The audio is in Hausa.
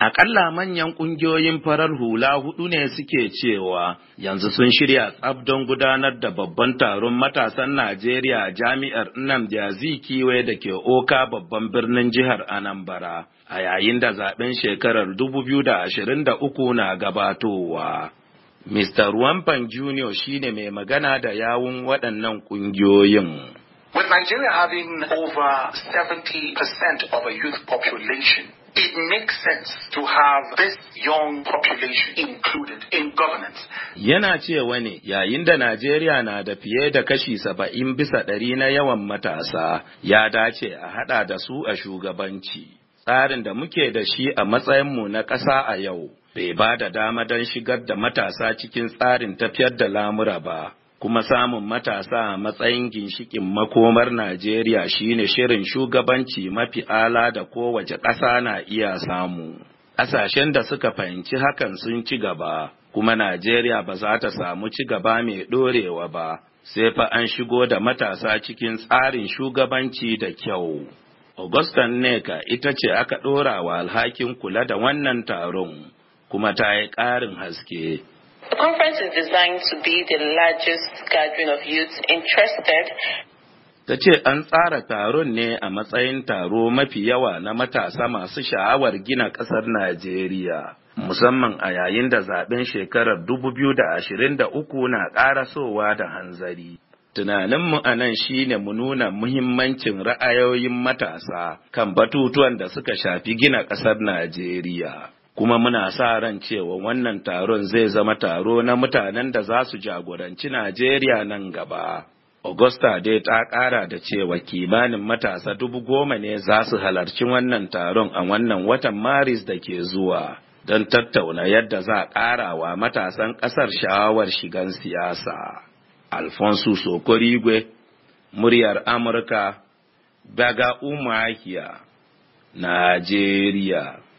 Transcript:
Aƙalla manyan ƙungiyoyin farar hula hudu ne suke cewa yanzu sun shirya tsab don gudanar da babban taron matasan Najeriya a jami'ar Nnamdi Azikiwe da ke Oka babban birnin jihar Anambra a yayin da zaɓen shekarar 2023 na gabatowa. Mr. Wampan Junior shine mai magana da yawun waɗannan ƙungiyoyin. With Nigeria having over 70% of a youth population, it makes sense to have this young population included in governance. Yana cewa ne yayin da Najeriya na da fiye da kashi saba'in bisa ɗari na yawan matasa ya dace a haɗa da su a shugabanci. Tsarin da muke da shi a matsayinmu na ƙasa a yau bai ba da dama don shigar da matasa cikin tsarin tafiyar da lamura ba. kuma samun matasa a matsayin ginshikin makomar Najeriya shine shirin shugabanci mafi ala da kowace ƙasa na iya samu. Ƙasashen da suka fahimci hakan sun ci gaba, kuma Najeriya ba za ta samu ci gaba mai ɗorewa ba, sai fa an shigo da matasa cikin tsarin shugabanci da kyau. Augustan Neka ita ce aka ɗora wa alhakin kula da wannan taron, kuma ta yi ƙarin haske. The conference is designed to be the largest gathering of youth interested ta ce an tsara taron ne a matsayin taro mafi yawa na matasa masu sha'awar gina ƙasar Najeriya. Musamman a yayin da zaɓen shekarar 2023 na ƙara sowa da hanzari. Tunaninmu a nan shi ne mu nuna muhimmancin ra'ayoyin matasa kan batutuwan da suka shafi gina ƙasar Najeriya. kuma muna sa ran cewa wannan taron zai zama taro na mutanen da za su jagoranci Najeriya nan gaba. Augusta dai ta ƙara da cewa kimanin matasa dubu goma ne za su halarci wannan taron a wannan watan Maris da ke zuwa don tattauna yadda za a ƙara wa matasan ƙasar sha'awar shigan siyasa. Alfonso Sokorigwe, muryar Amurka, daga Umahiya, Najeriya.